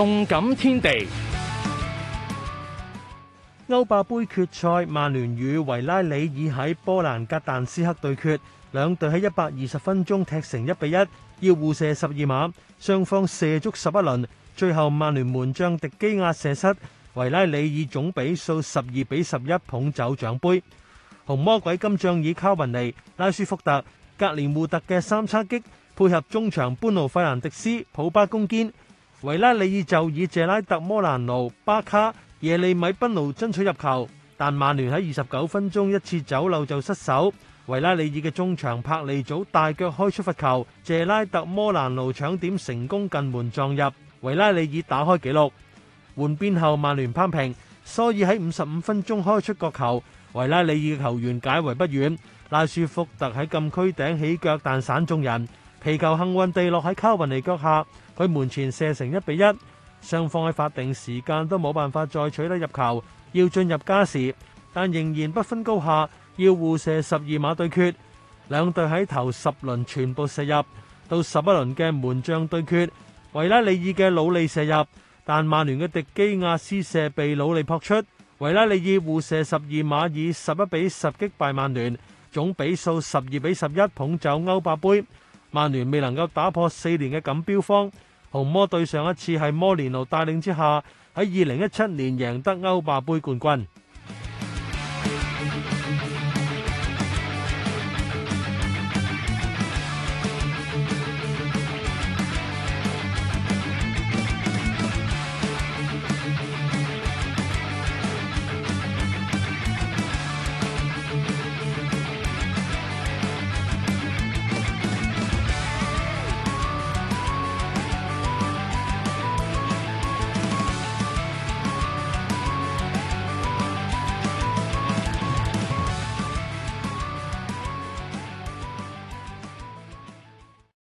動感天地。歐霸盃決賽，曼聯與維拉里爾喺波蘭格但斯克對決，兩隊喺一百二十分鐘踢成一比一，要互射十二碼，雙方射足十一輪，最後曼聯門將迪基亞射失，維拉里爾總比數十二比十一捧走獎盃。紅魔鬼今仗以卡云尼、拉舒福特、格連活特嘅三叉戟配合中場般奴費蘭迪斯、普巴攻堅。維拉利爾就以謝拉特、摩蘭奴、巴卡、耶利米、賓奴爭取入球，但曼聯喺二十九分鐘一次走漏就失手。維拉利爾嘅中場柏利祖大腳開出罰球，謝拉特、摩蘭奴搶點成功近門撞入，維拉利爾打開紀錄。換邊後，曼聯攀平。所以喺五十五分鐘開出角球，維拉利爾嘅球員解圍不遠，拉舒福特喺禁區頂起腳但散中人。皮球幸運地落喺卡雲尼腳下，佢門前射成一比一。雙方喺法定時間都冇辦法再取得入球，要進入加時，但仍然不分高下，要互射十二碼對決。兩隊喺頭十輪全部射入，到十一輪嘅門將對決，維拉利爾嘅努力射入，但曼聯嘅迪基亞斯射被努力撲出，維拉利爾互射十二碼以十一比十擊敗曼聯，總比數十二比十一捧走歐霸杯。曼聯未能夠打破四年嘅錦標荒，紅魔對上一次係摩連奴帶領之下喺二零一七年贏得歐霸杯冠軍。